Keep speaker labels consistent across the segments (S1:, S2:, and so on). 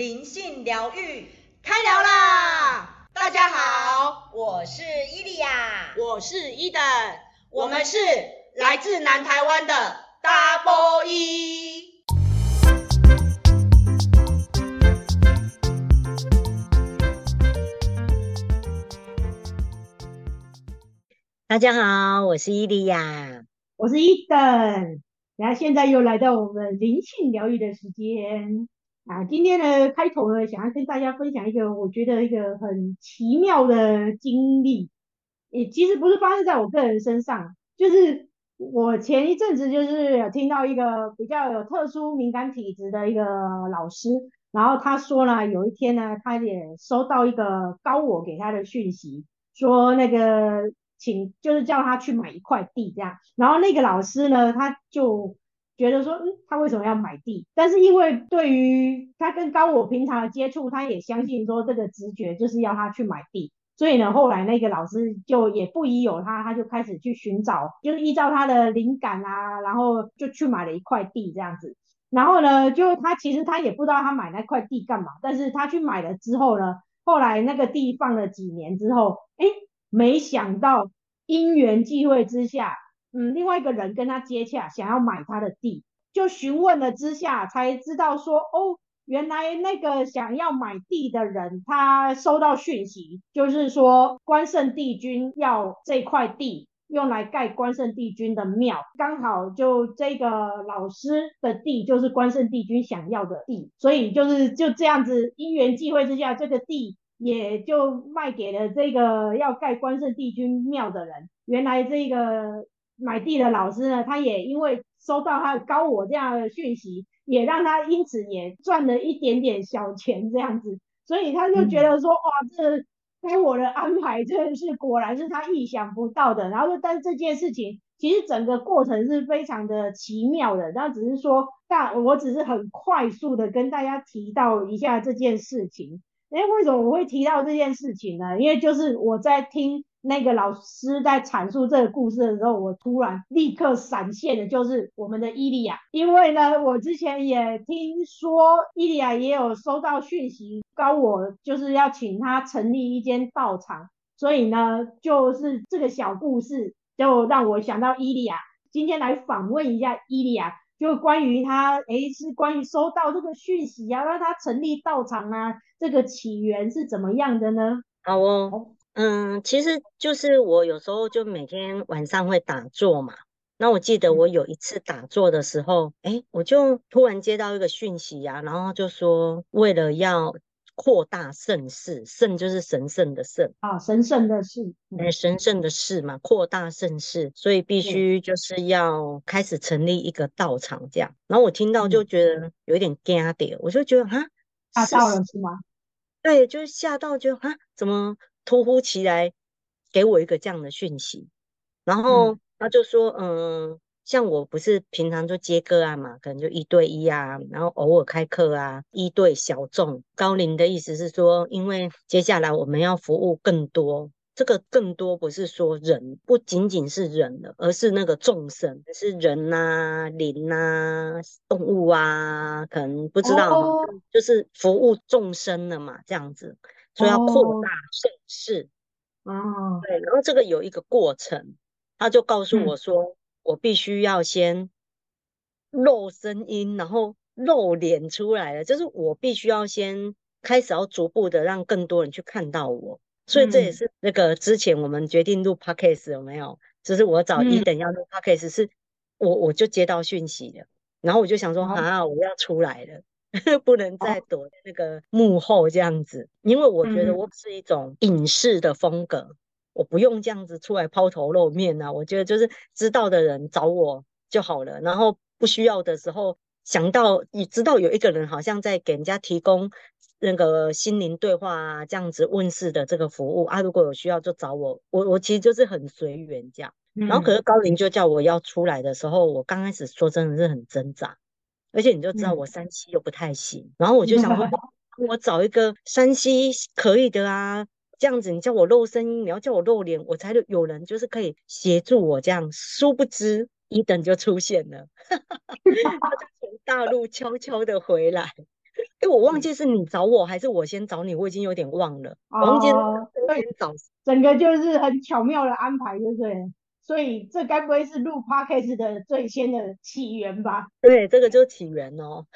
S1: 靈性療癒開聊啦！大家好，我是伊利亞，我是伊登，我們是來自南台灣的
S2: Double E。大家好，我是伊利亞，我是伊登，然後現在又來到我們靈性療癒的時間。啊，今天的開頭呢，想要跟大家分享一個我覺得一個很奇妙的經歷。也其實不是發生在我個人身上，就是我前一陣子就是有聽到一個比較有特殊敏感體質的一個老師，然後他說呢，有一天呢，他也收到一個高我給他的訊息，說那個請就是叫他去買一塊地，這樣。然後那個老師呢，他就。覺得說，嗯，他為什麼要買地？但是因為對於他跟高我平常的接觸，他也相信說這個直覺就是要他去買地。所以呢，後來那個老師就也不疑有他，他就開始去尋找，就是依照他的靈感啊，然後就去買了一塊地這樣子。然後呢，就他其實他也不知道他買那塊地幹嘛，但是他去買了之後呢，後來那個地放了幾年之後，哎，沒想到因緣際會之下。嗯，另外一個人跟他接洽，想要買他的地，就詢問了之下，才知道說，哦，原來那個想要買地的人，他收到訊息，就是說關聖帝君要這塊地用來蓋關聖帝君的廟，剛好就這個老師的地就是關聖帝君想要的地，所以就是就這樣子因緣際會之下，這個地也就賣給了這個要蓋關聖帝君廟的人。原來這個，買地的老師呢，他也因為收到他高我這樣的訊息，也讓他因此也賺了一點點小錢這樣子，所以他就覺得說，嗯、哇，這高我的安排真是果然是他意想不到的。然後就，但這件事情其實整個過程是非常的奇妙的。他只是說，但我只是很快速的跟大家提到一下這件事情。誒、欸，為什麼我會提到這件事情呢？因為就是我在聽。那個老師在闡述這個故事的時候，我突然立刻閃現的就是我們的伊利亞，因為呢，我之前也聽說伊利亞也有收到訊息，高我就是要請他成立一間道場，所以呢，就是這個小故事就讓我想到伊利亞，今天來訪問一下伊利亞，就關於他，誒，是關於收到這個訊息啊，讓他成立道場啊，這個起源是怎麼樣的呢？好哦。嗯，其實
S1: 就是我有時候就每天晚上會打坐嘛。那我記得我有一次打坐的時候，哎、嗯欸，我就突然接到一個訊息啊，然後就說為了要擴大聖事，聖就是神聖的聖啊，神聖的聖、嗯欸，神聖的聖嘛，擴大聖事，所以必須就是要開始成立一個道場這樣。嗯、然後我聽到就覺得有點嗲嗲，嗯、我就覺得啊，嚇到了是嗎？對，就是嚇到就，就哈啊，怎麼？突如其來，給我一個這樣的訊息，然後他就說：“嗯，嗯，像我不是平常就接個案、啊、嘛，可能就一對一啊，然後偶爾開課啊，一對小眾。”高靈的意思是說，因為接下來我們要服務更多，這個更多不是說人，不僅僅是人了，而是那個眾生，是人啊、靈啊、動物啊，可能不知道，哦、就是服務眾生了嘛，這樣子。所以要擴大聲勢。哦，對，然後這個有一個過程，他就告訴我說，嗯、我必須要先露聲音，然後露臉出來了，就是我必須要先開始要逐步的讓更多人去看到我，所以這也是那個之前我們決定錄 Podcast 有沒有？只、就是我找 Eden 要錄 Podcast，嗯、是我我就接到訊息了，然後我就想說、oh. 啊，我要出來了。 不能再躲在那個幕後這樣子，因為我覺得我是一種隱士的風格，我不用這樣子出來拋頭露面啊。我覺得就是知道的人找我就好了，然後不需要的時候想到你知道有一個人好像在給人家提供那個心靈對話啊這樣子問世的這個服務啊，如果有需要就找我。我我其實就是很隨緣這樣，然後可是高靈就叫我要出來的時候，我剛開始說真的是很掙扎。而且你就知道我 3C 又不太行，嗯、然後我就想說， 我找一個 3C 可以的啊，這樣子你叫我露聲音，你要叫我露臉，我才有人就是可以協助我這樣。殊不知 Eden 就出現了， 他就從大陸悄悄的回來。哎、欸，我忘記是你找我 還是我先找你，我已經有點忘了。哦，
S2: 你找整個就是很巧妙的安排就對，就是。所以這該不會是錄 podcast 的最先的起源吧？
S1: 對，這個就是起源哦，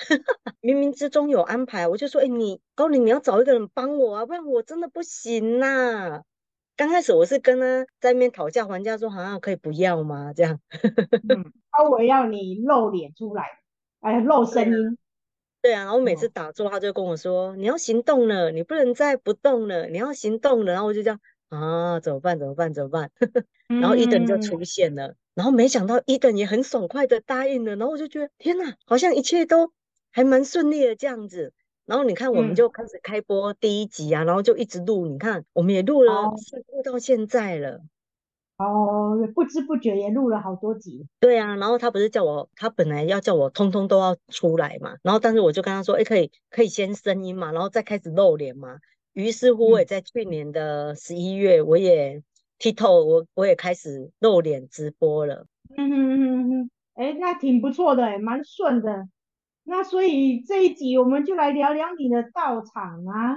S1: 冥 冥之中有安排。我就說，哎、欸，你高靈，你要找一個人幫我啊，不然我真的不行吶、啊。剛開始我是跟他在那邊討價還價，說好像可以不要嘛。這樣，稍、 嗯啊、我要你露臉出來，哎、啊，露聲音對、啊。對啊，然後我每次打坐，他就跟我說，哦、你要行動了，你不能再不動了，你要行動了。然後我就這樣。啊、哦，怎麼辦？怎麼辦？怎麼辦？ 然後 Eden 就出現了，嗯、然後沒想到 Eden 也很爽快的答應了，然後我就覺得天哪，好像一切都還蠻順利的這樣子。然後你看，我們就開始開播第一集啊，嗯、然後就一直錄，你看我們也錄了，哦、錄到現在
S2: 了。哦，不知不覺也錄了好多集。
S1: 對啊，然後他不是叫我，他本來要叫我通通都要出來嘛，然後但是我就跟他說，哎，可以可以先聲音嘛，然後再開始露臉嘛。於是乎，我也在去年的十一月，我也 TikTok，我我也開始露臉直播了嗯。嗯
S2: 嗯嗯哼，哎，那挺不錯的，哎，蠻順的。那所以這一集我們就來聊聊你的道場啊，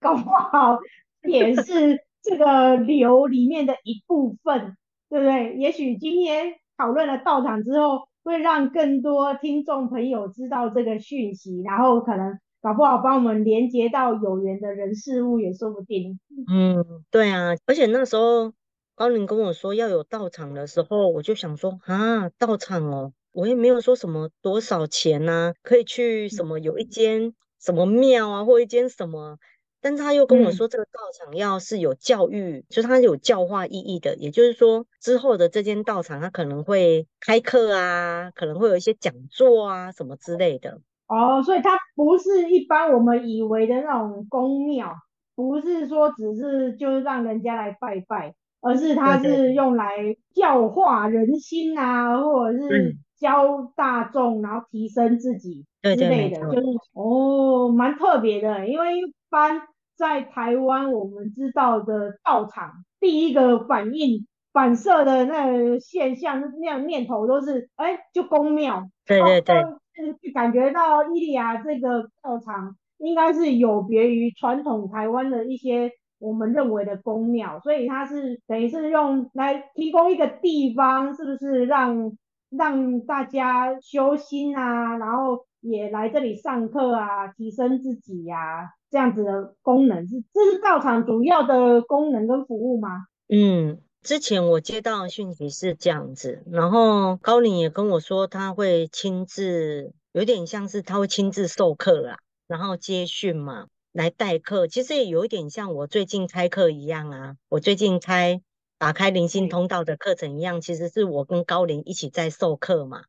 S2: 搞不好也是這個流裡面的一部分， 對不對？也許今天討論了道場之後，會讓更多聽眾朋友知道這個訊息，然後可能。好不好，幫我們連接到有緣的人事物也
S1: 說不定。嗯，對啊，而且那時候高靈跟我說要有道場的時候，我就想說啊，道場哦，我也沒有說什麼多少錢吶、啊，可以去什麼有一間什麼廟啊，嗯、或一間什麼。但是他又跟我說，這個道場要是有教育，就是、嗯、它有教化意義的，也就是說之後的這間道場，它可能會開課啊，可能會有一些講座啊什麼之類的。
S2: 哦，所以它不是一般我們以為的那種宮廟，不是說只是就是讓人家來拜拜，而是它是用來教化人心啊，對對對，或者是教大眾，嗯、然後提升自己之類的，對對對。就是哦蠻特別的。因為一般在台灣我們知道的道場，第一個反應反射的那個現象，那個、念頭都是哎、欸，就宮廟。
S1: 對對對。哦
S2: 是感覺到伊利亞這個道場應該是有別於傳統台灣的一些我們認為的宮廟，所以它是等於是用來提供一個地方，是不是讓讓大家修心啊，然後也來這裡上課啊，提升自己呀、啊，這樣子的功能是？這是道場主要的功能跟服務嗎？
S1: 嗯。之前我接到的訊息是這樣子，然後高靈也跟我說他會親自，有點像是他會親自授課了、啊，然後接訊嘛，來代課，其實也有一點像我最近開課一樣啊，我最近開打開靈性通道的課程一樣，其實是我跟高靈一起在授課嘛。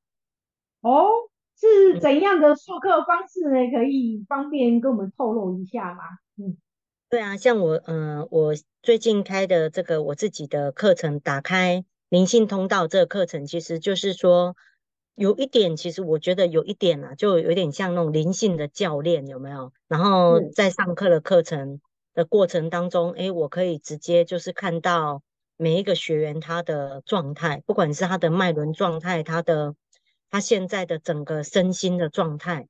S2: 哦，是怎樣的授課方式呢？嗯、可以方便跟我們透露一下嗎？嗯。
S1: 對啊，像我，嗯、呃，我最近開的這個我自己的課程，打開靈性通道這個課程，其實就是說，有一點，其實我覺得有一點啊，就有點像那種靈性的教練，有沒有？然後在上課的課程的過程當中，哎、嗯，我可以直接就是看到每一個學員他的狀態，不管是他的脈輪狀態，他的他現在的整個身心的狀態。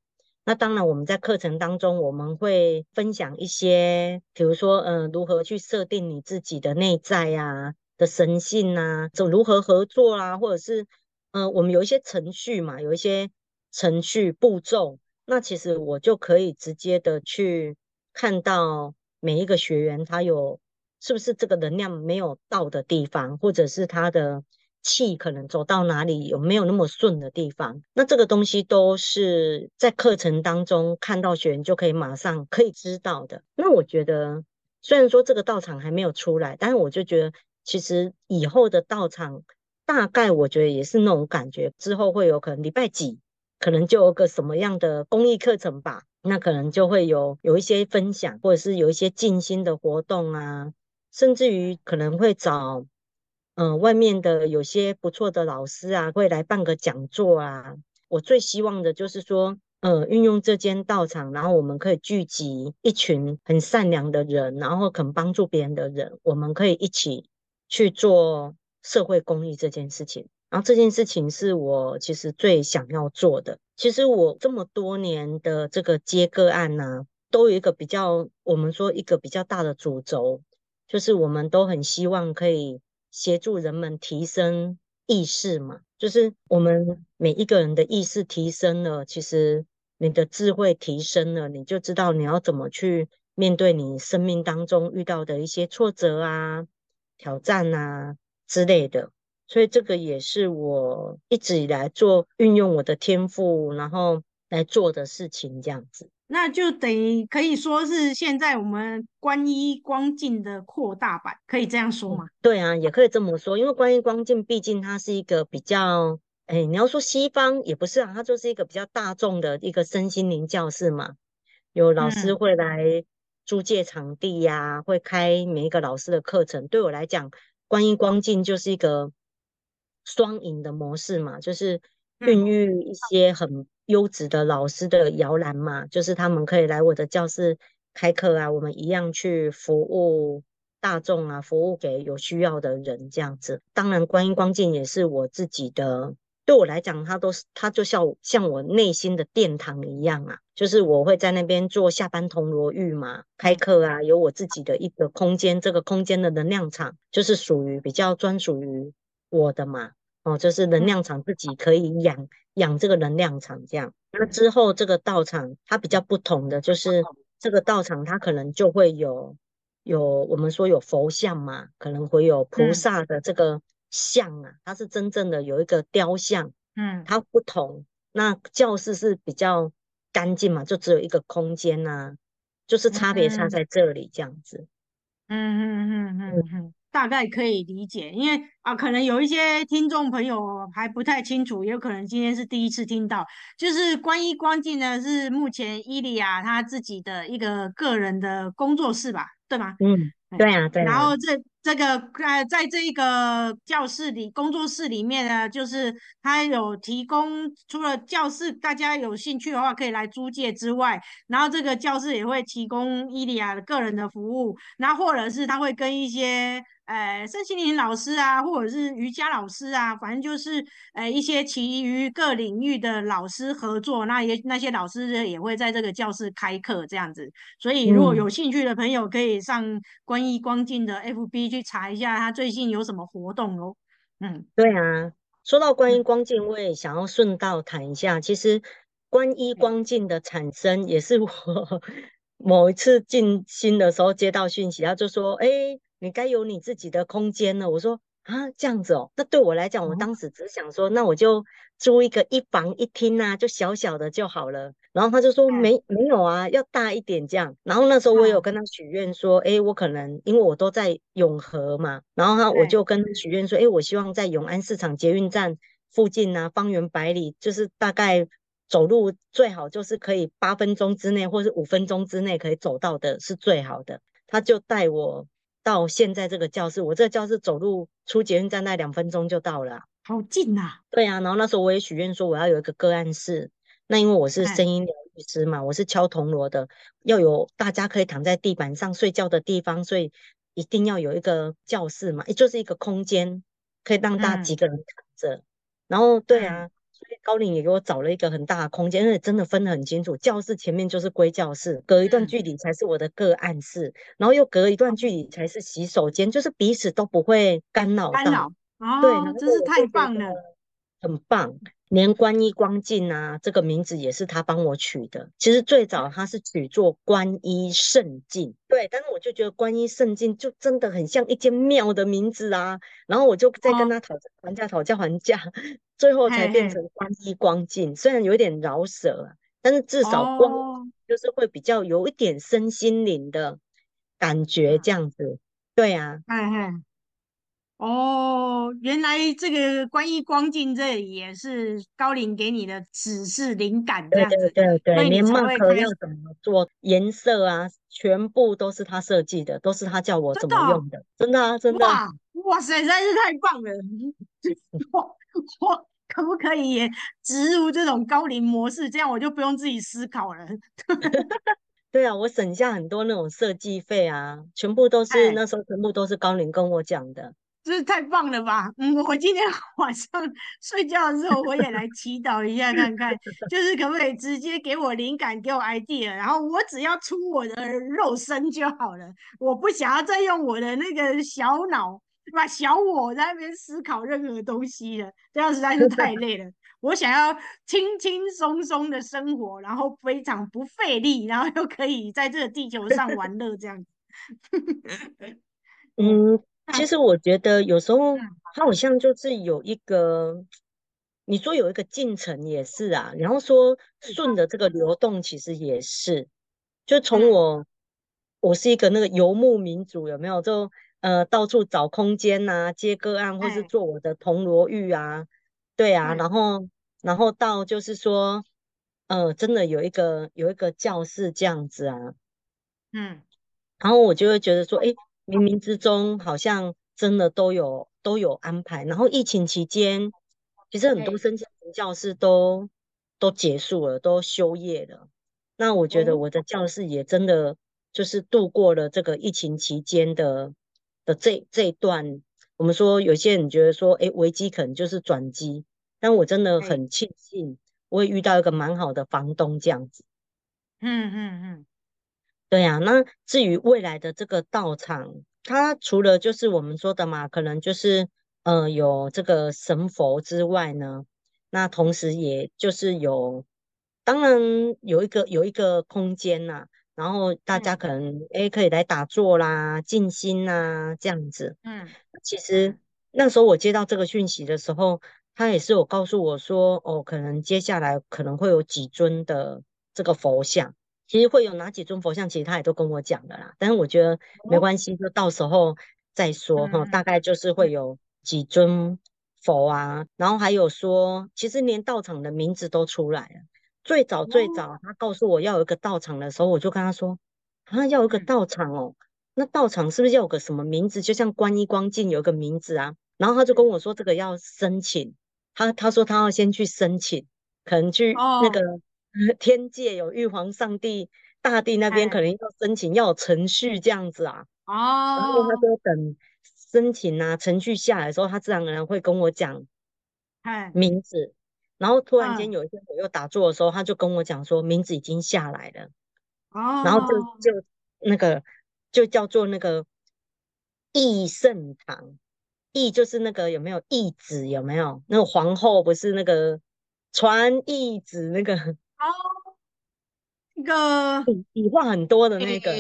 S1: 那當然，我們在課程當中，我們會分享一些，比如說，嗯、呃，如何去設定你自己的內在呀、啊、的神性吶、啊，就如何合作啊，或者是，嗯、呃，我們有一些程序嘛，有一些程序步驟。那其實我就可以直接的去看到每一個學員他有是不是這個能量沒有到的地方，或者是他的。氣可能走到哪裡，有沒有那麼順的地方，那這個東西都是在課程當中看到學員就可以馬上可以知道的。那我覺得雖然說這個道場還沒有出來，但是我就覺得其實以後的道場大概我覺得也是那種感覺。之後會有可能禮拜幾，可能就有個什麼樣的公益課程吧，那可能就會有有一些分享，或者是有一些靜心的活動啊，甚至於可能會找。嗯、呃，外面的有些不錯的老師啊，會來辦個講座啊。我最希望的就是說，呃，運用這間道場，然後我們可以聚集一群很善良的人，然後肯幫助別人的人，我們可以一起去做社會公益這件事情。然後這件事情是我其實最想要做的。其實我這麼多年的這個接個案呢，啊，都有一個比較，我們說一個比較大的主軸，就是我們都很希望可以。協助人們提升意識嘛，就是我們每一個人的意識提升了，其實你的智慧提升了，你就知道你要怎麼去面對你生命當中遇到的一些挫折啊、挑戰啊之類的。所以這個也是我一直以來做，運用我的天賦，然後來做的事情，這樣子。
S2: 那就得可以說是現在我們觀一光境的擴大版，可以這樣說嗎？嗯？
S1: 對啊，也可以這麼說，因為觀一光境畢竟它是一個比較，哎、欸，你要說西方也不是啊，它就是一個比較大眾的一個身心靈教室嘛，有老師會來租借場地呀、啊，嗯、會開每一個老師的課程。對我來講，觀一光境就是一個雙贏的模式嘛，就是孕育一些很嗯嗯優質的老師的搖籃嘛，就是他們可以來我的教室開課啊，我們一樣去服務大眾啊，服務給有需要的人這樣子。當然，觀一光境也是我自己的，對我來講，它都是，它就像像我內心的殿堂一樣啊，就是我會在那邊做下班銅鑼浴嘛，開課啊，有我自己的一個空間，這個空間的能量場就是屬於比較專屬於我的嘛。哦，就是能量場自己可以養養這個能量場，這樣。那之後這個道場，它比較不同的就是，這個道場它可能就會有有我們說有佛像嘛，可能會有菩薩的這個像啊，它是真正的有一個雕像，嗯，它不同。那教室是比較乾淨嘛，就只有一個空間吶、啊，就是差別差在這裡這樣子。嗯
S2: 嗯嗯嗯嗯。嗯嗯嗯嗯嗯大概可以理解。因為啊，可能有一些聽眾朋友還不太清楚，也有可能今天是第一次聽到。就是觀一光境呢，是目前伊利亞他自己的一個個人的工作室吧，對嗎？嗯，對啊，對啊。然後這這個、呃、在這一個教室裡，工作室裡面呢，就是他有提供除了教室，大家有興趣的話可以來租借之外，然後這個教室也會提供伊利亞個人的服務，然後或者是他會跟一些。呃，身心靈老師啊，或者是瑜伽老師啊，反正就是呃一些其餘各領域的老師合作，那也那些老師也會在這個教室開課這樣子。所以，如果有興趣的朋友，可以上觀一光境的 FB 去查一下他最近有什麼活動哦。嗯，
S1: 對啊，說到觀一光境，我也想要順道談一下。其實，觀一光境的產生也是我 某一次靜心的時候接到訊息，他就說：“哎、欸。”你該有你自己的空間了。我說啊，這樣子哦，那對我來講，我當時只想說，嗯、那我就租一個一房一廳啊，就小小的就好了。然後他就說對沒沒有啊，要大一點這樣。然後那時候我有跟他許願說，哎、嗯，我可能因為我都在永和嘛，然後他我就跟他許願說，哎對，我希望在永安市場捷運站附近啊，方圓百里，就是大概走路最好就是可以八分鐘之內或是五分鐘之內可以走到的，是最好的。他就帶我。到現在這個教室，我這個教室走路出捷運站那兩分鐘就到了，
S2: 好近吶，
S1: 啊！對啊。然後那時候我也許願說我要有一個個案室，那因為我是聲音療癒師嘛，嗯、我是敲銅鑼的，要有大家可以躺在地板上睡覺的地方，所以一定要有一個教室嘛，也就是一個空間可以讓大幾個人躺着。嗯、然後對啊。嗯所以高靈也給我找了一個很大的空間，因為真的分得很清楚。教室前面就是歸教室，隔一段距離才是我的個案室，嗯、然後又隔一段距離才是洗手間，就是彼此都不會干擾到。干擾。哦、
S2: 對，真是太
S1: 棒了，很棒。連觀一光境啊，這個名字也是他幫我取的。其實最早他是取做觀一聖境，對，但是我就覺得觀一聖境就真的很像一間廟的名字啊。然後我就在跟他討價還價，討價還價，最後才變成觀一光境。嘿嘿，雖然有點饒舌，但是至少光就是會比較有一點身心靈的感覺這樣子。哦、對啊，嘿
S2: 嘿哦，原來這個觀一光境，這裡也是高靈給你的指示、靈感這樣子，對，對對
S1: 對，你可以連帽都沒有怎麼做，顏色啊，全部都是他設計的，都是他叫我怎麼用的，真的。哦、真的啊，真的
S2: 哇，哇塞，實在是太棒了！ 我我可不可以也植入這種高靈模式？這樣我就不用自己思考了。
S1: 對啊，我省下很多那種設計費啊，全部都是唉那時候全部都是高靈跟我講的。
S2: 這太棒了吧！嗯，我今天晚上睡覺的時候，我也來祈禱一下看看， 就是可不可以直接給我靈感，給我 idea，然後我只要出我的肉身就好了。我不想要再用我的那個小腦，把小我在那邊思考任何東西了，這樣實在是太累了。我想要輕輕鬆鬆的生活，然後非常不費力，然後又可以在這個地球上玩樂這樣。 嗯。
S1: 其實我覺得有時候他好像就是有一個，你說有一個進程也是啊，然後說順着這個流動，其實也是，就從我我是一個那個游牧民族，有沒有？就呃到處找空間吶，接個案或是做我的銅鑼浴啊，對啊，然後然後到就是說，呃真的有一個有一個教室這樣子啊，嗯，然後我就會覺得說，哎。冥冥之中，好像真的都有都有安排。然後疫情期間，其實很多身心靈教室都 Okay. 都結束了，都休業了。那我覺得我的教室也真的就是度過了這個疫情期間的的這這一段。我們說有些人覺得說，誒、欸，危機可能就是轉機，但我真的很慶幸，Okay. 我也遇到一個蠻好的房東這樣子。
S2: 嗯嗯嗯。嗯嗯
S1: 對呀、啊，那至於未來的這個道場，它除了就是我們說的嘛，可能就是呃有這個神佛之外呢，那同時也就是有，當然有一個有一個空間吶、啊，然後大家可能哎、嗯、可以來打坐啦、靜心啦、啊，這樣子。嗯，其實那時候我接到這個訊息的時候，他也是有告訴我說，哦，可能接下來可能會有幾尊的這個佛像。其實會有哪幾尊佛像？其實他也都跟我講的啦。但是我覺得沒關係，哦、就到時候再說哈、嗯哦。大概就是會有幾尊佛啊，然後還有說，其實連道場的名字都出來了。最早最早，他告訴我要有一個道場的時候，哦、我就跟他說：“他要有一個道場哦，嗯、那道場是不是要有個什麼名字？就像觀一光境有個名字啊。”然後他就跟我說：“這個要申請。他”他他說他要先去申請，可能去那個。哦天界有玉皇上帝、大帝那邊可能要申請，要有程序這樣子啊。
S2: 哦，然後他
S1: 說等申請啊、程序下來的時候，他自然而然會跟我講，
S2: 嗨，名
S1: 字。然後突然間有一天我又打坐的時候，他就跟我講說名字已經下來
S2: 了。哦，然後就就
S1: 那個就叫做那個懿聖堂，懿就是那個有沒有懿旨有沒有？那個皇後不是那個傳懿旨那個？哦，那個筆筆畫很多的那個，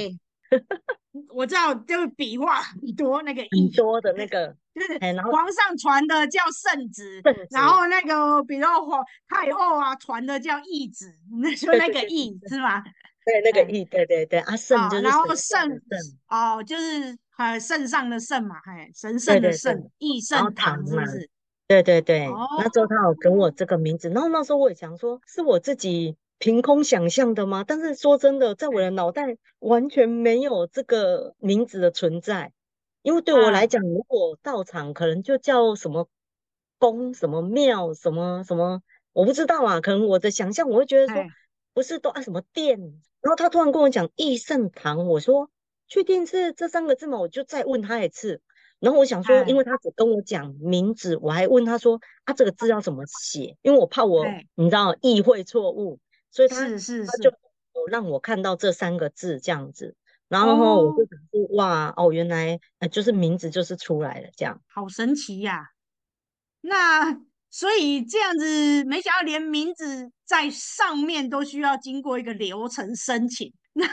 S2: 我知道，就是筆畫很多那個“懿”多的那個，就是然後皇上傳的叫聖旨，然後那個比如皇太後啊傳的叫懿旨，就那個“懿”是嗎？
S1: 對，那個“懿”，對對對，啊，聖就是然後
S2: 聖哦，就是呃聖上的聖嘛，嘿，神聖的聖，懿聖堂是不是？
S1: 對對對，oh. 那時候他有給我這個名字，然後那時候我也想說是我自己憑空想象的嗎？但是說真的，在我的腦袋完全沒有這個名字的存在，因為對我來講，oh. 如果道場可能就叫什麼宮、什麼廟、什麼什麼，我不知道啊，可能我的想象我會覺得說、oh. 不是都按、啊、什麼殿。然後他突然跟我講益盛堂，我說確定是這三個字嗎？我就再問他一次。然後我想說，因為他只跟我講名字，哎、我還問他說：“啊，這個字要怎麼寫？”因為我怕我對你知道意會錯誤，所以他，是是是，他就有讓我看到這三個字這樣子，然後我就想說：“哦哇哦，原來呃就是名字就是出來了，這樣好
S2: 神奇呀，啊！”那所以這樣子，沒想到連名字在上面都需要經過一個流程申請。那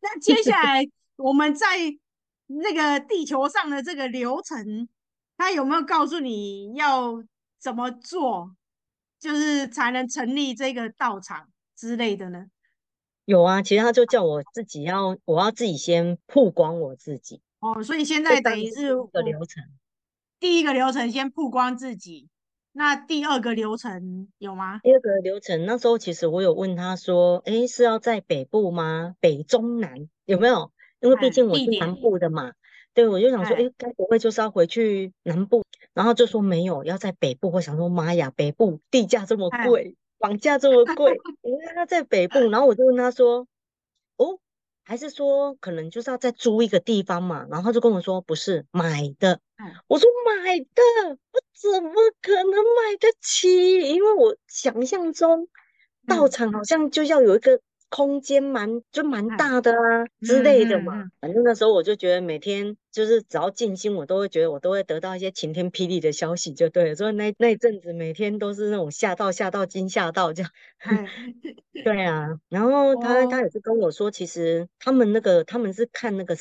S2: 那接下來我們再。 那個地球上的這個流程，他有沒有告訴你要怎麼做，就是才能成立這個道場之類的呢？
S1: 有啊，其實他就叫我自己要，啊、我要自己先曝光我自己
S2: 哦。所以現在等於是五個流程，第一個流程先曝光自己，那第二個流程有嗎？第二個
S1: 流程那時候其實我有問他說，哎，是要在北部嗎？北中南有沒有？因為畢竟我是南部的嘛，對，我就想說，哎，該不會就是要回去南部？然後就說沒有，要在北部。我想說，媽呀，北部地價這麼貴，房價這麼貴，因為他在北部。然後我就問他說，哦，還是說可能就是要再租一個地方嘛？然後他就跟我說，不是買的。我說買的，我怎麼可能買得起？因為我想象中道場好像就要有一個。空間蠻就蠻大的、啊、嘿之類的嘛，嗯嗯嗯、反正那時候我就覺得每天就是只要靜心，我都會覺得我都會得到一些晴天霹靂的消息，就對了。所以那那一陣子每天都是那種嚇到嚇到驚嚇到，到這樣。嘿 對啊，然後他、哦、他也是跟我說，其實他們那個他們是看那個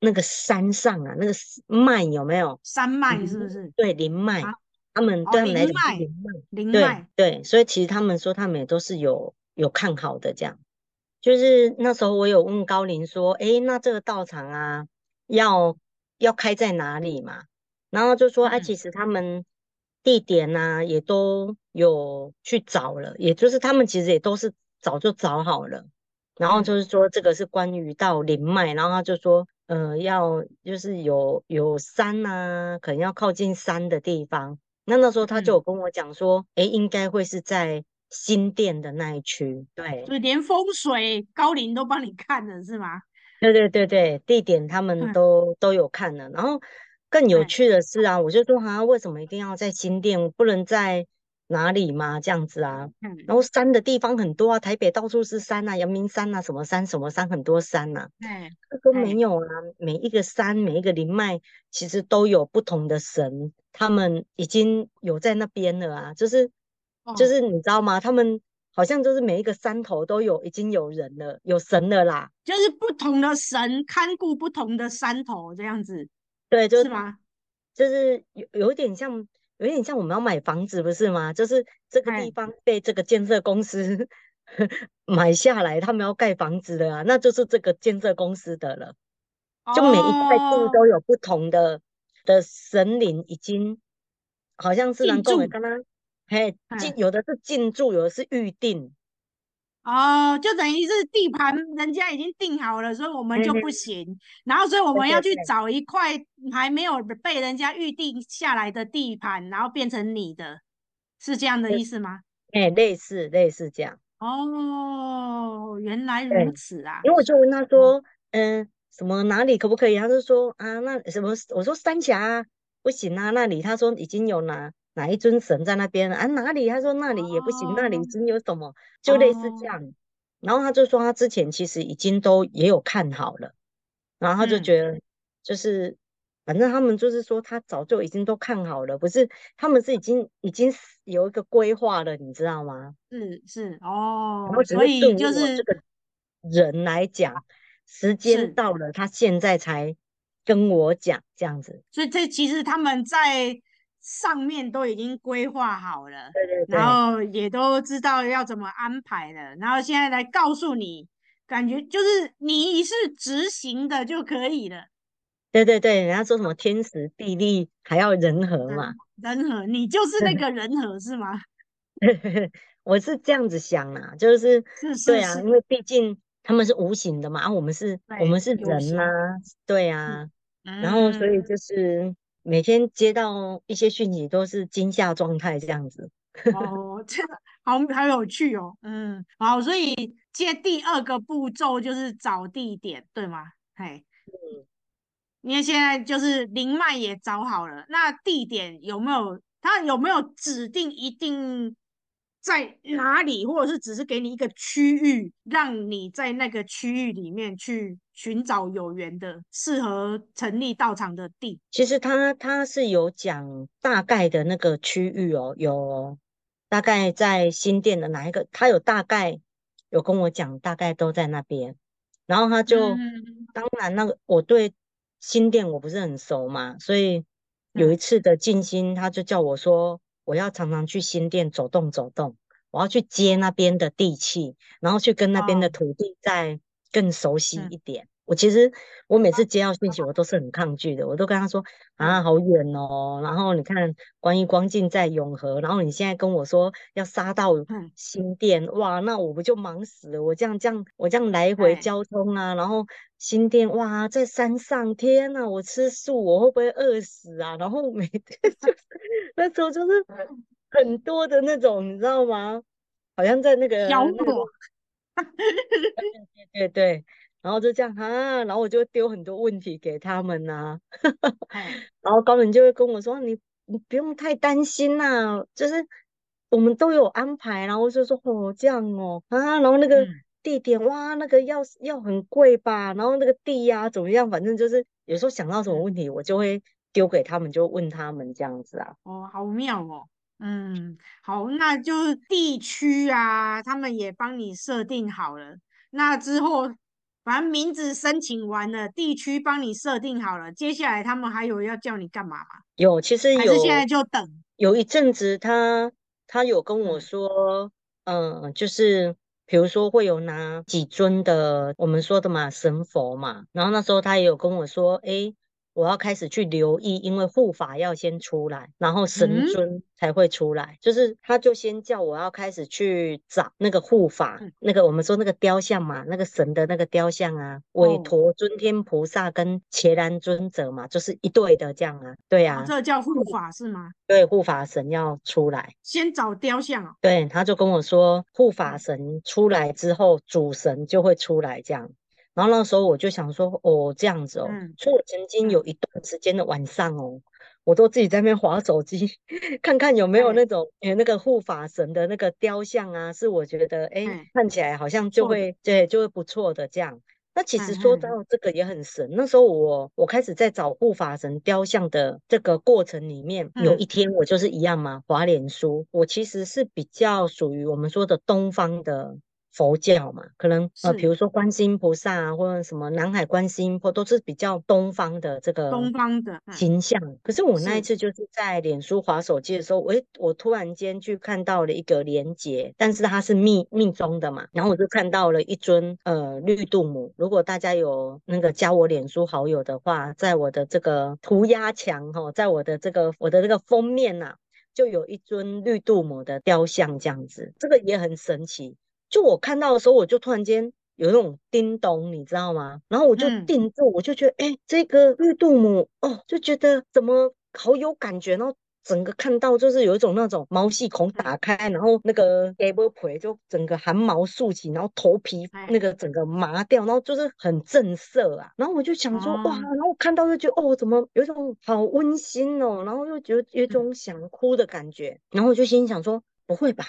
S1: 那個山上啊，那個脈有沒有山脈是不是？對，靈脈。啊、他們對他們來講，靈脈。
S2: 靈脈對
S1: 對，所以其實他們說他們也都是有有看好的這樣。就是那時候，我有問高靈說：“誒、欸、那這個道場啊，要要開在哪裡嘛？”然後就說：“哎、嗯啊，其實他們地點呢、啊，也都有去找了，也就是他們其實也都是早就找好了。然後就是說，這個是關於到靈脈，然後他就說：‘呃，要就是有有山呢、啊，可能要靠近山的地方。’那那時候他就有跟我講說：‘誒、嗯欸、應該會是在。’”新店的那一區，對，就
S2: 是連風水、高靈都幫
S1: 你看了是嗎？對對對對，地點他們都、嗯、都有看了。然後更有趣的是啊，嗯、我就說，啊，為什麼一定要在新店，不能在哪裡嗎？這樣子啊？嗯、然後山的地方很多啊，台北到處是山啊，陽明山啊，什麼山什麼山很多山啊。對、嗯，這都沒有啊。嗯、每一個山，每一個靈脈，其實都有不同的神，他們已經有在那邊了啊，就是。就是你知道嗎？哦、他們好像就是每一個山頭都有已經有人了，有神了啦。
S2: 就是不同的神看顧不同的山頭這樣子。
S1: 對，就是嗎？
S2: 就是
S1: 有有點像，有點像我們要買房子不是嗎？就是這個地方被這個建設公司嘿 買下來，他們要蓋房子的啊，那就是這個建設公司的了。
S2: 哦、就每一塊地
S1: 都有不同的的神靈，已經好像是能夠。嘿，進有的是進駐，有的是預、嗯、定。
S2: 哦，就等於是地盤人家已經定好了，所以我們就不行。嘿嘿然後所以我們要去找一塊還沒有被人家預定下來的地盤，嘿嘿然後變成你的，是這樣的意思嗎？哎，類似
S1: 類似這樣。
S2: 哦，原來如此啊！因
S1: 為我就問他說：“嗯、呃，什麼哪裡可不可以？”他就說：“啊，那什麼？”我說三峽、啊：“三峽不行啊，那裡。”他說：“已經有拿。”哪一尊神在那邊啊？啊，哪裡？他說那裡也不行，oh, 那裡已經有什麼？就類似這樣。Oh. 然後他就說，他之前其實已經都也有看好了。然後他就覺得，就是、嗯、反正他們就是說，他早就已經都看好了，不是？他們是已經已經有一個規劃了，你知道嗎？是
S2: 是哦。Oh, 只會對我所以就是
S1: 我這個人來講，時間到了，他現在才跟我講這樣子。
S2: 所以這其實他們在。上面都已經規劃好了，對對對，然後也都知道要怎麼安排了，然後現在來告訴你，感覺就是你是執行的就可以了。
S1: 對對對，人家說什麼天時地利還要人和嘛，
S2: 人和，你就是那個人和是嗎？
S1: 我是這樣子想啦，就是對啊，因為畢竟他們是無形的嘛，我們是，我們是人嘛，對啊，
S2: 然後
S1: 所以就是。每天接到一些訊息，都是驚嚇狀態這樣子。
S2: 哦，這個好，好有趣哦。嗯，好，所以接第二個步驟就是找地點，對嗎？嘿，嗯。你看現在就是靈脈也找好了，那地點有沒有？他有沒有指定一定？在哪裡，或者是只是給你一個區域，讓你在那個區域裡面去尋找有緣的、適合成立道場的地。
S1: 其實他他是有講大概的那個區域哦，有大概在新店的哪一個，他有大概有跟我講，大概都在那邊。然後他就，嗯、當然那個，我對新店我不是很熟嘛，所以有一次的靜心，嗯、他就叫我說。我要常常去新店走動走動，我要去接那邊的地氣，然後去跟那邊的土地再更熟悉一點。哦我其實我每次接到信息，我都是很抗拒的。我都跟他說啊，好遠哦。然後你看，觀一光境在永和，然後你現在跟我說要殺到新店，嗯、哇，那我不就忙死了？我這樣這樣，我這樣來回交通啊，對然後新店哇，在山上，天啊，我吃素我會不會餓死啊？然後每天就是 那時候就是很多的那種，你知道嗎？好像在那個窯洞。
S2: 對
S1: 對對。然後就這樣哈、啊，然後我就丟很多問題給他們吶、啊，然後高人就會跟我說：“你你不用太擔心吶、啊，就是我們都有安排。”然後我就說：“哦，這樣哦啊。”然後那個地點哇，那個要、要很貴吧？然後那個地呀、啊、怎麼樣？反正就是有時候想到什麼問題，我就會丟給他們，就問他們這樣子啊。
S2: 哦，好妙哦！嗯，好，那就是地區啊，他們也幫你設定好了。那之後。把名字申請完了，地區幫你設定好了，接下來他們還有要叫你幹嘛？
S1: 有，其實有，現在就等。有一陣子他他有跟我說，嗯、呃，就是比如說會有拿幾尊的，我們說的嘛，神佛嘛，然後那時候他也有跟我說，哎、欸。我要開始去留意，因為護法要先出來，然後神尊才會出來。嗯、就是他，就先叫我要開始去找那個護法，嗯、那個我們說那個雕像嘛，那個神的那個雕像啊，韋陀尊天菩薩跟伽藍尊者嘛，哦、就是一對的這樣啊。對啊，這
S2: 叫護法是嗎？
S1: 對，護法神要出來，
S2: 先找雕像。哦。
S1: 對，他就跟我說，護法神出來之後，主神就會出來這樣。然後那時候我就想說，哦，這樣子哦，嗯、所以我曾經有一段時間的晚上哦，我都自己在那邊滑手機，看看有沒有那種、哎、那個護法神的那個雕像啊，是我覺得哎，哎看起來好像就會的對，就會不錯的這樣。那其實說到這個也很神，哎、那時候我我開始在找護法神雕像的這個過程裡面，嗯、有一天我就是一樣嘛，滑臉書。我其實是比較屬於我們說的東方的。佛教嘛，可能是呃，比如說觀世音菩薩啊，或者什麼南海觀世音菩薩都是比較東方的這個東
S2: 方的形象。
S1: 嗯、可是我那一次就是在臉書滑手機的時候，哎是，我突然間去看到了一個連結，但是它是密密宗的嘛，然後我就看到了一尊呃，綠度母。如果大家有那個加我臉書好友的話，在我的這個塗鴉牆哈，在我的這個我的那個封面吶、啊，就有一尊綠度母的雕像這樣子，這個也很神奇。就我看到的時候，我就突然間有那種叮咚，你知道嗎？然後我就定住，我就覺得，哎，這個綠度母哦，就覺得怎麼好有感覺，然後整個看到就是有一種那種毛細孔打開，然後那個蓋波皮，就整個汗毛豎起，然後頭皮那個整個麻掉，然後就是很震懾啊。然後我就想說，哇！然後我看到又覺得，哦，怎麼有一種好溫馨哦，然後又覺得有一種想哭的感覺，然後我就心想說，不會吧？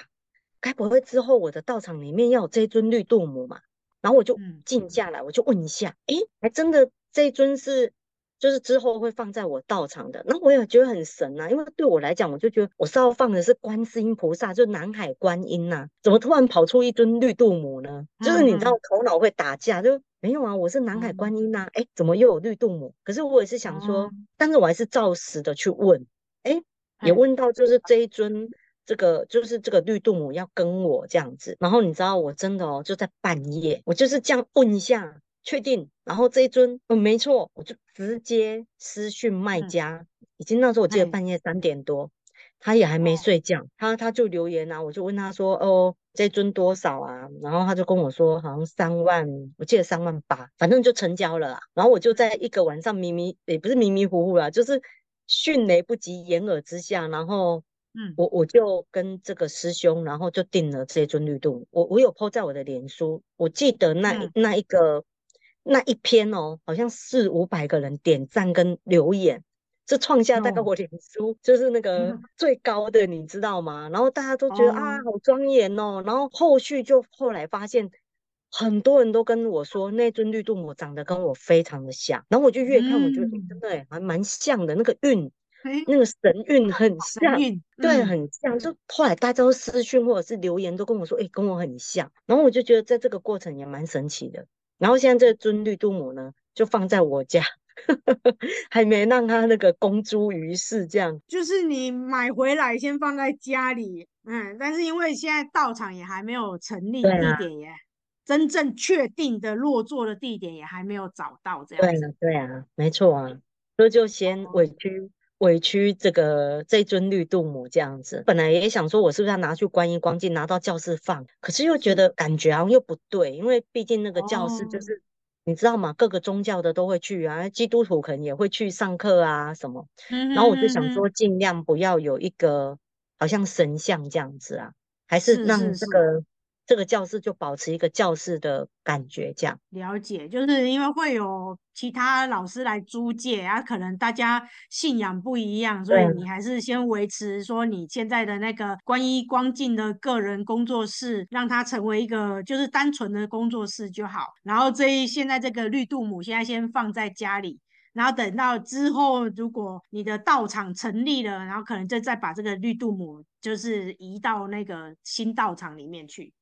S1: 開不會之後，我的道場裡面要有這尊綠度母嘛？然後我就靜下來，我就問一下，哎、嗯欸，還真的這尊是，就是之後會放在我道場的，那我也覺得很神啊，因為對我來講，我就覺得我是要放的是觀世音菩薩，就南海觀音吶、啊，怎麼突然跑出一尊綠度母呢？嗯、就是你知道我頭腦會打架，就沒有啊，我是南海觀音吶、啊，哎、嗯欸，怎麼又有綠度母？可是我也是想說，嗯、但是我還是照實的去問，哎、欸，嗯、也問到就是這一尊。這個就是這個綠度母要跟我這樣子，然後你知道我真的哦，就在半夜，我就是這樣問一下，確定，然後這一尊嗯、哦，沒錯，我就直接私訊賣家，嗯、已經那時候我記得半夜三點多，嗯、他也還沒睡覺，哦、他他就留言啦、啊，我就問他說哦這一尊多少啊，然後他就跟我說好像三萬，我記得三萬八，反正就成交了啦，然後我就在一個晚上迷迷也不是迷迷糊糊啦，就是迅雷不及掩耳之下，然後。嗯，我我就跟這個師兄，然後就定了這尊綠度母。我我有 po 在我的臉書，我記得那、嗯、那一個那一篇哦，好像四五百個人點讚跟留言，這創下大概我臉書、哦、就是那個最高的，你知道嗎？嗯、然後大家都覺得、哦、啊，好莊嚴哦。然後後續就後來發現，很多人都跟我說、嗯、那尊綠度母長得跟我非常的像，然後我就越看我覺得真的、欸、還蠻像的，那個韻。欸、那個神韻很像，神韻對，嗯、很像。就後來大家都私訊或者是留言都跟我說、哎、嗯欸，跟我很像。然後我就覺得在這個過程也蠻神奇的。然後現在這個尊綠度母呢，就放在我家， 還沒讓他那個公諸於世這樣。
S2: 就是你買回來先放在家裡，嗯。但是因為現在道場也還沒有成立、啊、地點耶，真正確定的落座的地點也還沒有找到這樣。對
S1: 啊，對啊，沒錯啊，所以就先委屈、哦。委屈這個這尊綠度母這樣子，本來也想說，我是不是要拿去觀一光境、嗯、拿到教室放？可是又覺得、嗯、感覺好像又不對，因為畢竟那個教室就是，哦、你知道嗎？各個宗教的都會去啊，基督徒可能也會去上課啊什麼。
S2: 然後我就想說，
S1: 盡量不要有一個、嗯、哼哼好像神像這樣子啊，還是讓這個。是是是這個教室就保持一個教室的感覺，這樣
S2: 了解，就是因為會有其他老師來租借啊，可能大家信仰不一樣，對所以你還是先維持說你現在的那個觀一光境的個人工作室，讓它成為一個就是單純的工作室就好。然後這現在這個綠度母，現在先放在家裡，然後等到之後如果你的道場成立了，然後可能就再把這個綠度母就是移到那個新道場裡面去。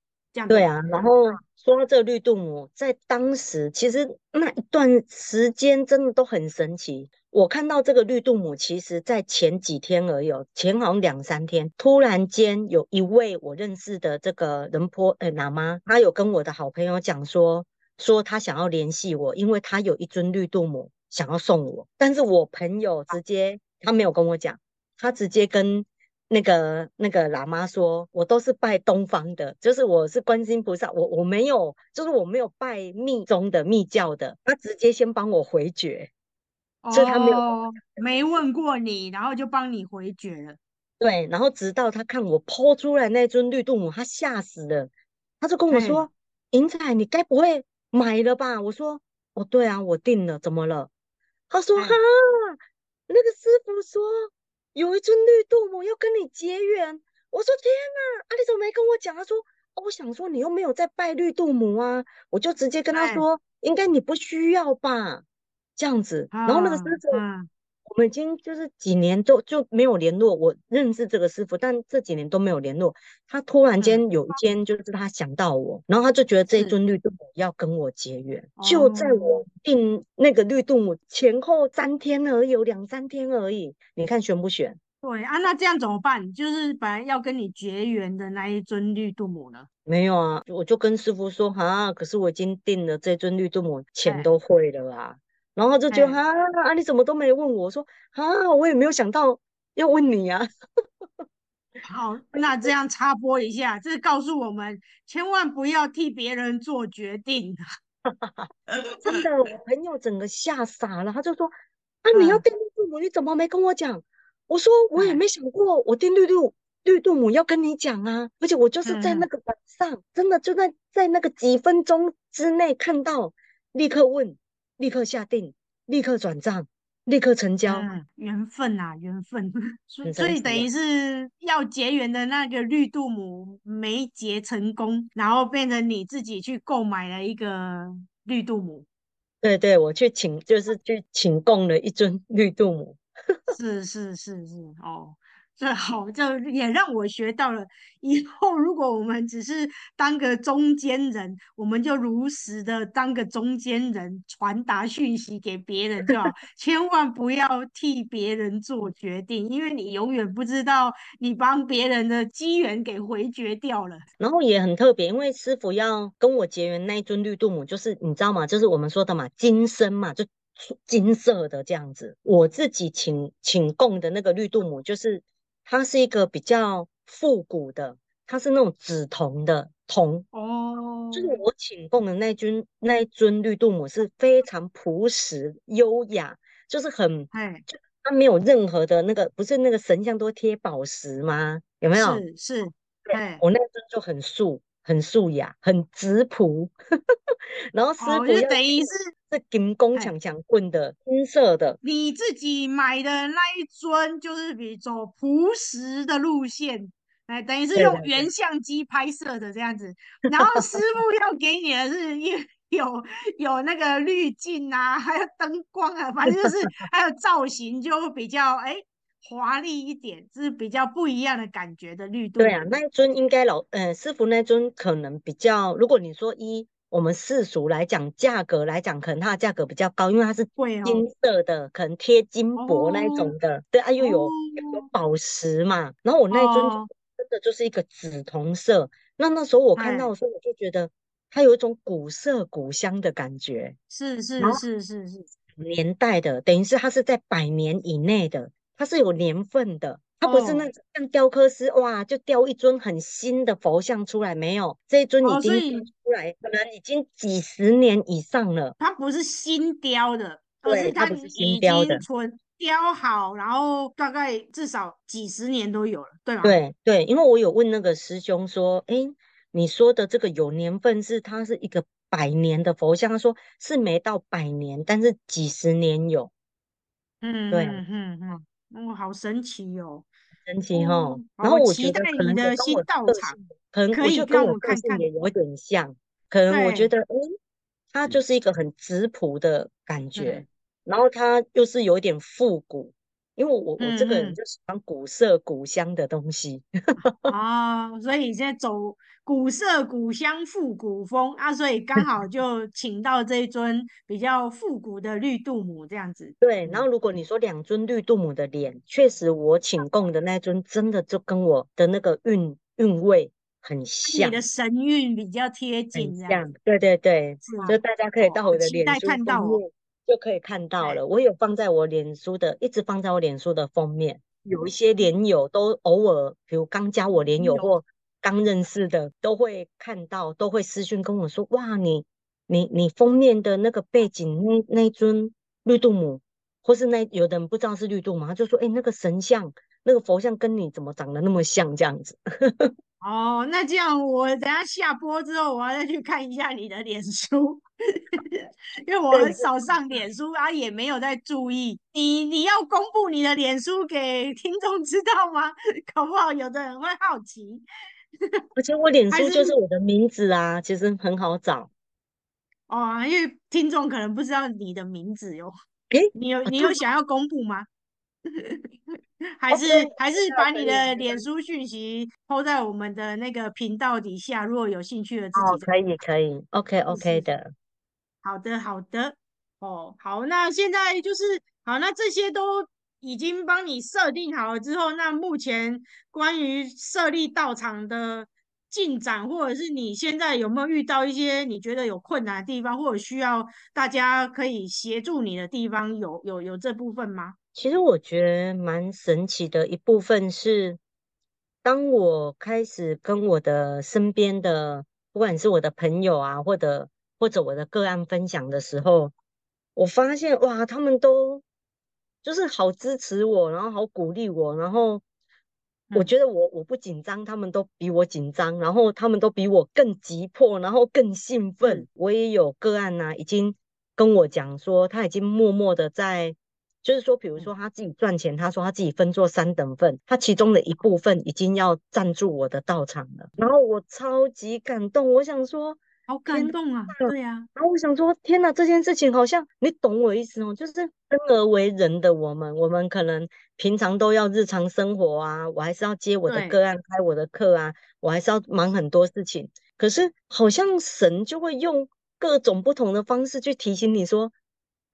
S2: 對啊，
S1: 然後說到這個綠度母，在當時其實那一段時間真的都很神奇。我看到這個綠度母，其實，在前幾天而已，前好像兩三天，突然間有一位我認識的這個仁波呃，喇、欸、嘛，她有跟我的好朋友講說，說她想要聯繫我，因為她有一尊綠度母想要送我，但是我朋友直接他、啊、沒有跟我講，他直接跟。那個那個喇嘛說，我都是拜東方的，就是我是觀音菩薩，我我沒有，就是我沒有拜密宗的密教的。他直接先幫我回絕，
S2: 所以、哦、他沒有沒問過你，然後就幫你回絕了。
S1: 對，然後直到他看我拋出來那尊綠度母，他嚇死了，他就跟我說：“哎、銀彩，你該不會買了吧？”我說：“哦、oh,，對啊，我定了，怎麼了？”他說：“哈、哎啊，那個師父說。”有一尊綠度母要跟你結緣，我說天啊，啊你怎麼沒跟我講？他說，啊、我想說你又沒有在拜綠度母啊，我就直接跟他說，唉應該你不需要吧，這樣子。啊、然後那個獅子。啊我已經就是幾年都就沒有聯絡。我認識這個師父，但這幾年都沒有聯絡。他突然間有一天，就是他想到我，然後他就覺得這一尊綠度母要跟我結緣，是就在我訂那個綠度母，哦，前後三天而已，兩三天而已。你看玄不玄？
S2: 對啊，那這樣怎麼辦？就是本來要跟你結緣的那一尊綠度母
S1: 呢？沒有啊，我就跟師父說啊，可是我已經訂了這尊綠度母，錢都匯了啦，啊。哎然後就就、哎、啊，你怎麼都沒問我？我說啊，我也沒有想到要
S2: 問你啊。 好，那這樣插播一下，這是告訴我們千萬不要替別人做決定、啊 啊。真的，我朋友
S1: 整個嚇傻了，他就說啊，你要訂綠度母，嗯、你怎麼沒跟我講？我說我也沒想過，我訂綠度，綠度母要跟你講啊，而且我就是在那個晚上，嗯、真的就在在那個幾分鐘之內看到，立刻問。立刻下定，立刻轉賬，立刻成交。嗯、緣分啊，緣分！
S2: 所以、嗯、所以等於是要結緣的那個綠度母沒結成功，然後變成你自己去購買了一個綠度母。
S1: 對對對，我去請，就是去請供了一尊綠度母。
S2: 是是是是，哦。最好就也讓我學到了。以後如果我們只是當個中間人，我們就如實的當個中間人，傳達訊息給別人就好， 千萬不要替別人做決定，因為你永遠不知道你幫別人的機緣給回絕掉了。
S1: 然後也很特別，因為師父要跟我結緣那一尊綠度母，就是你知道嗎？就是我們說的嘛，金身嘛，就金色的這樣子。我自己請請供的那個綠度母就是。它是一個比較復古的，它是那種紫銅的銅
S2: 哦，oh. 就是我請供
S1: 的那尊那一尊綠度母是非常樸實優雅，就是很哎，Hey. 就它沒有任何的那個，不是那個神像都貼寶石嗎？有沒有？是是，是對，Hey. 我那尊就很素，很素雅，很質樸， 然後師傅、oh, 跟等於是。是金光強強滾的、哎、金色的，
S2: 你自己買的那一尊就是比走樸實的路線，哎，等於是用原相機拍攝的這樣子，對對對，然後師傅要給你的是有 有有那個濾鏡啊，還有燈光啊，反正就是還有造型就比較哎華麗一點，就是比較不一樣的感覺的綠度。對啊，
S1: 那尊應該老呃、哎，師傅那尊可能比較，如果你說一。我們世俗來講，價格來講，可能它的價格比較高，因為它是金色的，哦、可能貼金箔那一種的。哦、對啊，又有、哦、有寶石嘛。然後我那一尊、哦、真的就是一個紫銅色。那那時候我看到的時候，我就覺得它有一種古色古香的感覺。
S2: 是是是是是，年
S1: 代的，等於是它是在百年以內的，它是有年份的。它不是那種像雕刻師、哦、哇，就雕一尊很新的佛像出來，沒有，這一尊已經出
S2: 來，哦、可能已
S1: 經幾十年以上了。
S2: 它不是新雕的，而對是它已經不是新雕，的雕好，然後大概至少幾十年都有了。對吧，
S1: 對、對，因為我有問那個師兄說，哎、欸，你說的這個有年份是它是一個百年的佛像，他說是沒到百年，但是幾十年有。嗯，
S2: 對，嗯嗯嗯，哦，好神奇喲、哦。神奇哈，嗯，然後我覺得可能我跟我的，嗯、我可能我就跟我個性也
S1: 有點像，可，看看看可能我覺得，誒對、嗯，它就是一個很質樸的感覺，嗯嗯，然後它又是有一點復古。因為我我這個人就喜歡古色古香的東西
S2: 啊，所以現在走古色古香復古風啊，所以剛好就請到這一尊比較複古的綠度母這樣子。
S1: 對，然後如果你說兩尊綠度母的臉，確實我請供的那尊真的就跟我的那個韻韻味很像，你的
S2: 神韻比較貼近。這樣，
S1: 對對對，就大家可以到我的臉上看到我。就可以看到了，我有放在我臉書的，一直放在我臉書的封面，有一些臉友都偶爾，比如剛加我臉友或剛認識的，都會看到，都會私訊跟我說，哇，你你你封面的那個背景，那那尊綠度母，或是那有的人不知道是綠度母，他就說，欸，那個神像，那個佛像跟你怎麼長得那麼像這樣子。
S2: 哦，那這樣我等下下播之後，我要再去看一下你的臉書， 因為我很少上臉書，對啊，也沒有在注意你。你要公布你的臉書給聽眾知道嗎？搞不好有的人會好奇。而且我臉書就是我的
S1: 名字啊，是其實很好找。
S2: 哦，因為聽眾可能不知道你的名字喲、哦。哎、欸，你有你有想要公布嗎？ 還是 okay，還是把你的臉書訊息 PO 在我們的那個頻道底下，對如果有興趣的話
S1: okay，自己可以可以，OK OK 的，
S2: 好的好的，哦好，那現在就是好，那這些都已經幫你設定好了之後，那目前關於設立道場的進展，或者是你現在有沒有遇到一些你覺得有困難的地方，或者需要大家可以協助你的地方，有有有這部分嗎？
S1: 其實我覺得蠻神奇的一部分是，當我開始跟我的身邊的，不管是我的朋友啊，或者或者我的個案分享的時候，我發現哇，他們都就是好支持我，然後好鼓勵我，然後我覺得我我不緊張，他們都比我緊張，然後他們都比我更急迫，然後更興奮。我也有個案呢、啊，已經跟我講說，他已經默默的在。就是說，比如說他自己賺錢，他說他自己分做三等份，他其中的一部分已經要贊助我的道場了。然後我超級感動，我想說，好感動啊！天哪。對呀、啊。然後我想說，天哪，這件事情好像你懂我意思哦，就是生而為人的我們，我們可能平常都要日常生活啊，我還是要接我的個案，對。開我的課啊，我還是要忙很多事情。可是好像神就會用各種不同的方式去提醒你說。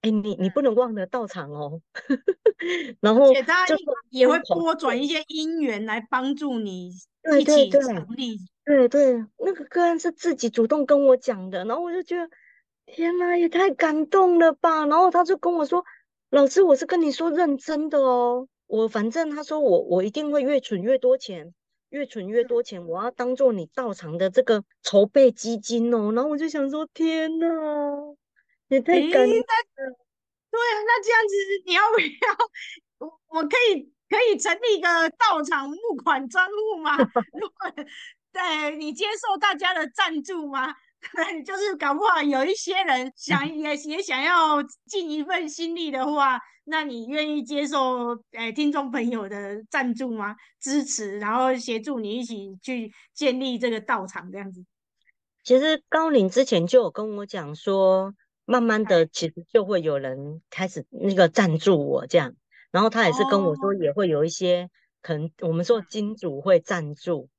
S1: 哎、欸，你你不能忘了道場哦。 然後大就也會撥轉一些
S2: 因緣來幫助你一起努力對對
S1: 對。對對，那個個案是自己主動跟我講的，然後我就覺得天哪，也太感動了吧！然後他就跟我說：“老師，我是跟你說認真的哦，我反正他說我我一定會越存越多錢，越存越多錢，嗯、我要當做你道場的這個籌備基金哦。”然後我就想說：“天吶
S2: 咦，那、欸、著對啊，那這樣子，你要不要我？我可以可以成立一個道場募款專戶嗎？ 如果對你接受大家的贊助嗎？ 就是搞不好有一些人想也 也想要盡一份心力的話，那你願意接受誒、欸、聽眾朋友的贊助嗎？支持，然後協助你一起去建立這個道場這樣子。
S1: 其實高靈之前就有跟我講說。慢慢的，其實就會有人開始那個贊助我這樣，然後他也是跟我說，也會有一些可能我們說金主會贊助，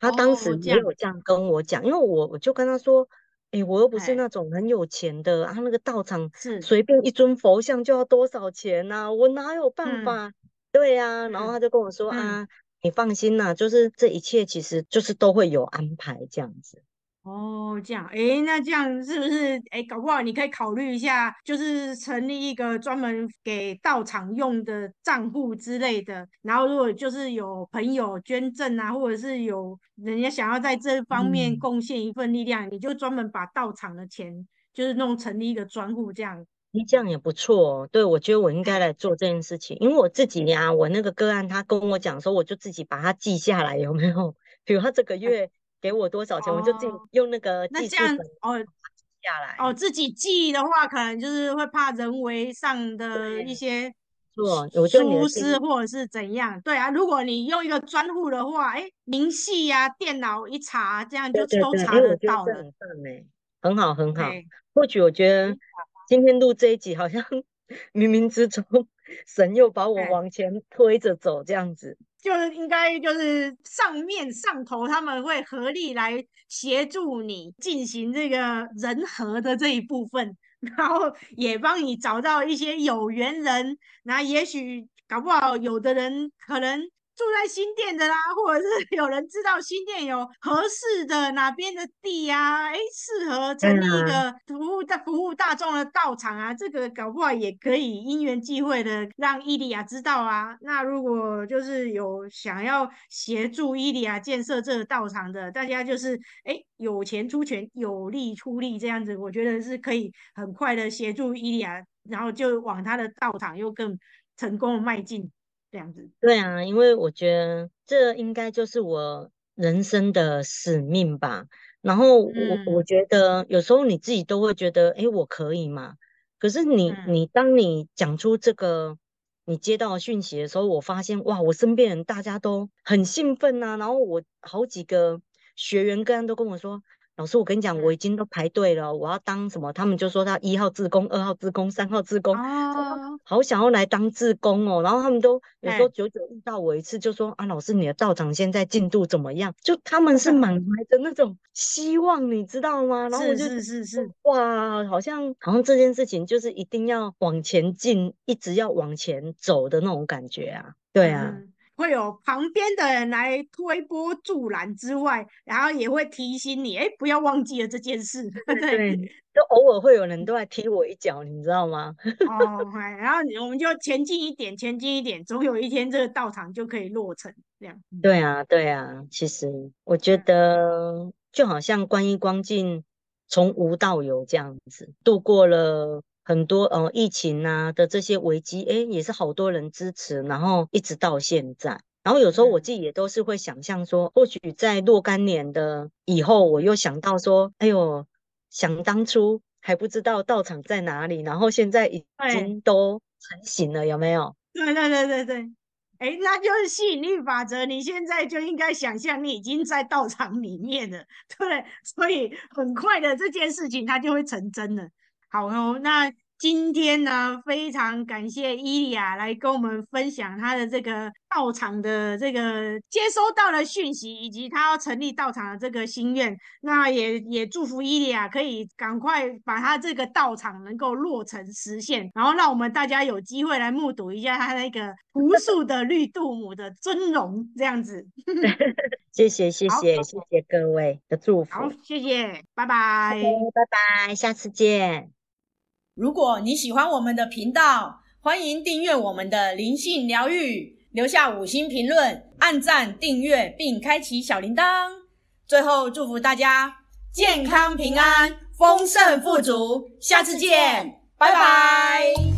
S1: 他當時也有這樣跟我講，因為我我就跟他說，哎，我又不是那種很有錢的，啊，那個道場是隨便一尊佛像就要多少錢吶、啊，我哪有辦法？對呀、啊，然後他就跟我說啊，你放心啦、啊，就是這一切其實就是都會有安排這樣子。
S2: 哦，這樣，誒，那這樣是不是？誒，搞不好你可以考慮一下，就是成立一個專門給道場用的賬戶之類的。然後，如果就是有朋友捐贈啊，或者是有人家想要在這方面貢獻一份力量，嗯、你就專門把道場的錢就是弄成立一個專戶，這樣。
S1: 你這樣也不錯。哦，對，我覺得我應該來做這件事情，因為我自己啊，我那個個案，他跟我講說，我就自己把它記下來，有沒有？比如他這個月。嗯給我多少錢，哦、我就自己
S2: 用那個，那這樣哦記下來哦，自己記的話，可能就是會怕人為上的一些疏失對書或者是怎樣。對啊，如果你用一個專戶的話，哎、哦欸，明細呀、啊，電腦一查，這樣就對對對都查得到了。哎，
S1: 很好很好。或許對我覺得今天錄這一集，好像冥冥之中神又把我往前推着走這樣子。
S2: 就是應該就是上面上頭他們會合力來協助你進行這個人和的這一部分，然後也幫你找到一些有緣人，那也許搞不好有的人可能。住在新店的啦、啊，或者是有人知道新店有合適的哪邊的地呀、啊？哎、欸，適合成立一個服務大服務大眾的道場啊，嗯、這個搞不好也可以因緣際會的讓伊利亞知道啊。那如果就是有想要協助伊利亞建設這個道場的，大家就是哎、欸，有錢出錢，有力出力這樣子，我覺得是可以很快的協助伊利亞，然後就往他的道場又更成功的邁進。
S1: 這樣子，對啊，因為我覺得
S2: 這應該就是我
S1: 人生的使命吧。然後我、嗯、我覺得有時候你自己都會覺得，哎、欸，我可以嘛？可是你、嗯、你當你講出這個，你接到訊息的時候，我發現哇，我身邊人大家都很興奮吶、啊。然後我好幾個學員，剛剛都跟我說。老師，我跟你講，我已經都排隊了，我要當什麼？他們就說他一號志工、二號志工、三號志工、啊哦，好想要來當志工哦。然後他們都有時候久久遇到我一次，就說啊，老師，你的道場現在進度怎麼樣？就他們是滿懷着那種希望，嗯、你知道嗎？然後我就說，是是是是，是是是哇，好像好像這件事情就是一定要往前進，一直要往前走的那種感覺啊，對啊。嗯
S2: 會有旁邊的人來推波助瀾之外，然後也會提醒你，誒，不要忘記了這件事，對，就對 對偶爾會有人都來踢我一腳，你知道嗎？哦， 然後我們就前進一點，前進一點，總有一天這個道場就可以落成這樣。
S1: 對啊，對啊，嗯、其實我覺得就好像觀一光境從無到有這樣子度過了。很多呃疫情啊的這些危機，哎、欸，也是好多人支持，然後一直到現在。然後有時候我自己也都是會想象說，嗯、或許在若干年的以後，我又想到說，哎呦，想當初還不知道道場在哪裡，然後現在已經都成型了，對有沒有？
S2: 對對對對對，哎、欸，那就是吸引力法則。你現在就應該想象你已經在道場裡面了，對，所以很快的這件事情它就會成真了。好哦，那今天呢，非常感謝伊利亞來跟我們分享他的這個道場的這個接收到的訊息，以及他要成立道場的這個心願。那也也祝福伊利亞可以趕快把他這個道場能夠落成實現，然後讓我們大家有機會來目睹一下他那個無數的綠度母的尊容 這樣子。
S1: 謝謝謝謝好謝謝各位的祝福，好
S2: 謝謝，拜拜，拜拜，下次見。如果你喜歡我們的頻道，歡迎訂閱我們的靈性聊遇，留下五星評論，按讚訂閱並開啟小鈴鐺。最後祝福大家健康平安、豐盛富足，下次見，拜拜。拜拜。